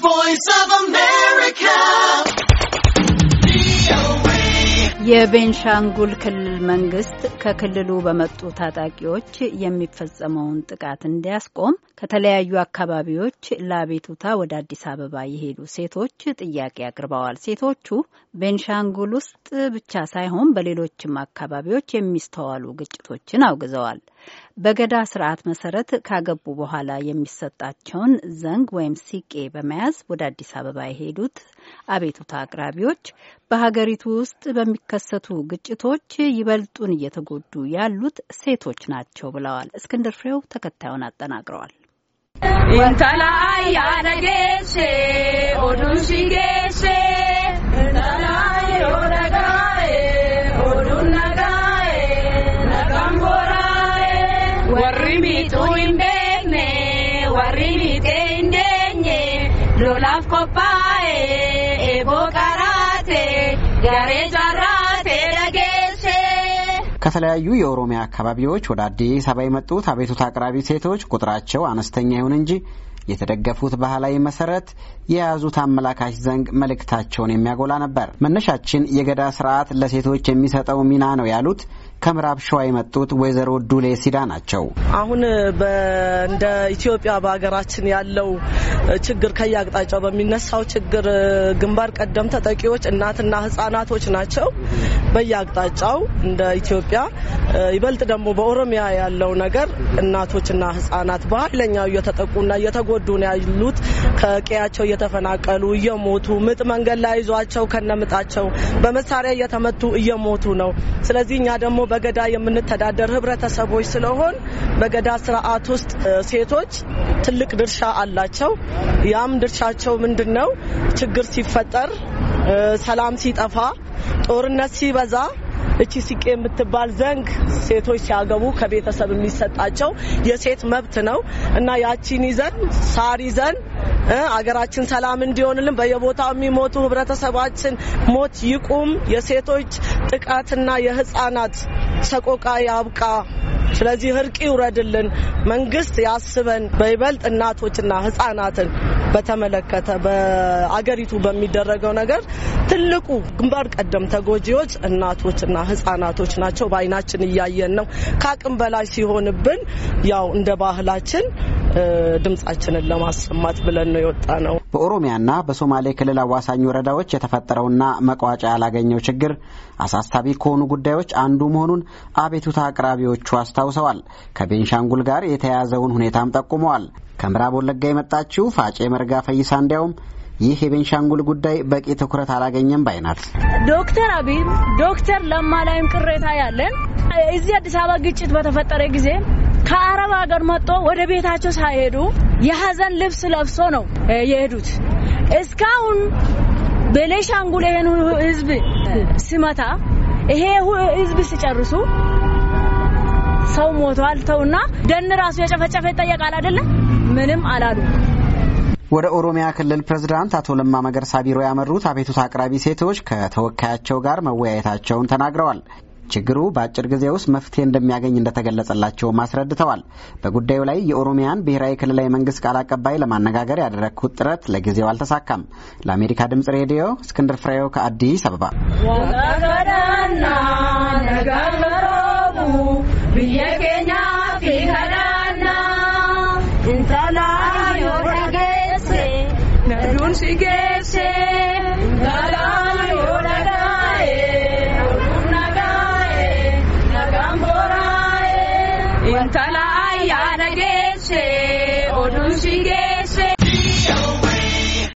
Voice of a man. የቤንሻንጉል ክልል መንግስት ከክልሉ በመጡ ታጣቂዎች የሚፈጸመውን ጥቃት እንዲያስቆም ከተለያዩ አካባቢዎች ለአቤቱታ ወደ አዲስ አበባ የሄዱ ሴቶች ጥያቄ አቅርበዋል። ሴቶቹ ቤንሻንጉል ውስጥ ብቻ ሳይሆን በሌሎችም አካባቢዎች የሚስተዋሉ ግጭቶችን አውግዘዋል። በገዳ ስርዓት መሰረት ካገቡ በኋላ የሚሰጣቸውን ዘንግ ወይም ሲቄ በመያዝ ወደ አዲስ አበባ የሄዱት አቤቱታ አቅራቢዎች በሀገሪቱ ውስጥ በሚከሰቱ ግጭቶች ይበልጡን እየተጎዱ ያሉት ሴቶች ናቸው ብለዋል። እስክንድር ፍሬው ተከታዩን አጠናቅረዋል። Lolaaf ከተለያዩ የኦሮሚያ አካባቢዎች ወደ አዲስ አበባ የመጡት አቤቱታ አቅራቢ ሴቶች ቁጥራቸው አነስተኛ ይሁን እንጂ የተደገፉት ባህላዊ መሰረት የያዙት አመላካች ዘንግ መልእክታቸውን የሚያጎላ ነበር። መነሻችን የገዳ ስርዓት ለሴቶች የሚሰጠው ሚና ነው ያሉት ከምዕራብ ሸዋ የመጡት ወይዘሮ ዱሌ ሲዳ ናቸው። አሁን እንደ ኢትዮጵያ በሀገራችን ያለው ችግር ከየአቅጣጫው በሚነሳው ችግር ግንባር ቀደም ተጠቂዎች እናትና ህጻናቶች ናቸው። በየአቅጣጫው እንደ ኢትዮጵያ ይበልጥ ደግሞ በኦሮሚያ ያለው ነገር እናቶችና ህጻናት በኃይለኛው እየተጠቁና እየተጎዱ ነው ያሉት። ከቀያቸው እየተፈናቀሉ እየሞቱ ምጥ መንገድ ላይ ይዟቸው ከነምጣቸው በመሳሪያ እየተመቱ እየሞቱ ነው። ስለዚህ እኛ ደግሞ በገዳ የምንተዳደር ህብረተሰቦች ስለሆን በገዳ ስርዓት ውስጥ ሴቶች ትልቅ ድርሻ አላቸው። ያም ድርሻቸው ምንድን ነው? ችግር ሲፈጠር፣ ሰላም ሲጠፋ፣ ጦርነት ሲበዛ እቺ ሲቄ የምትባል ዘንግ ሴቶች ሲያገቡ ከቤተሰብ የሚሰጣቸው የሴት መብት ነው እና ያቺን ይዘን ሳር ይዘን አገራችን ሰላም እንዲሆንልን በየቦታው የሚሞቱ ህብረተሰባችን ሞት ይቁም፣ የሴቶች ጥቃትና የህፃናት ሰቆቃ ያብቃ ስለዚህ እርቅ ይውረድልን። መንግስት ያስበን በይበልጥ እናቶችና ህጻናትን በተመለከተ በአገሪቱ በሚደረገው ነገር ትልቁ ግንባር ቀደም ተጎጂዎች እናቶችና ህጻናቶች ናቸው። በአይናችን እያየን ነው። ከአቅም በላይ ሲሆንብን ያው እንደ ባህላችን ድምጻችንን ለማሰማት ብለን ነው የወጣ ነው። በኦሮሚያና በሶማሌ ክልል አዋሳኝ ወረዳዎች የተፈጠረውና መቋጫ ያላገኘው ችግር አሳሳቢ ከሆኑ ጉዳዮች አንዱ መሆኑን አቤቱታ አቅራቢዎቹ አስታውሰዋል። ከቤንሻንጉል ጋር የተያያዘውን ሁኔታም ጠቁመዋል። ከምዕራብ ወለጋ የመጣችው ፋጬ መርጋ ፈይሳ እንዲያውም ይህ የቤንሻንጉል ጉዳይ በቂ ትኩረት አላገኘም ባይ ዶክተር አብይ ዶክተር ለማ ላይም ቅሬታ ያለን እዚህ አዲስ አበባ ግጭት በተፈጠረ ጊዜ ከአረብ ሀገር መጥቶ ወደ ቤታቸው ሳይሄዱ የሀዘን ልብስ ለብሶ ነው የሄዱት። እስካሁን ቤኒሻንጉል ይሄን ህዝብ ሲመታ ይሄ ህዝብ ሲጨርሱ ሰው ሞቷል ተውና ደን ራሱ የጨፈጨፈ ይጠየቃል አይደለም? ምንም አላሉ። ወደ ኦሮሚያ ክልል ፕሬዝዳንት አቶ ለማ መገርሳ ቢሮ ያመሩት አቤቱታ አቅራቢ ሴቶች ከተወካያቸው ጋር መወያየታቸውን ተናግረዋል። ችግሩ በአጭር ጊዜ ውስጥ መፍትሄ እንደሚያገኝ እንደተገለጸላቸውም አስረድተዋል። በጉዳዩ ላይ የኦሮሚያን ብሔራዊ ክልላዊ መንግስት ቃል አቀባይ ለማነጋገር ያደረግኩት ጥረት ለጊዜው አልተሳካም። ለአሜሪካ ድምጽ ሬዲዮ እስክንድር ፍሬው ከአዲስ አበባ She in tana ayana geche onushige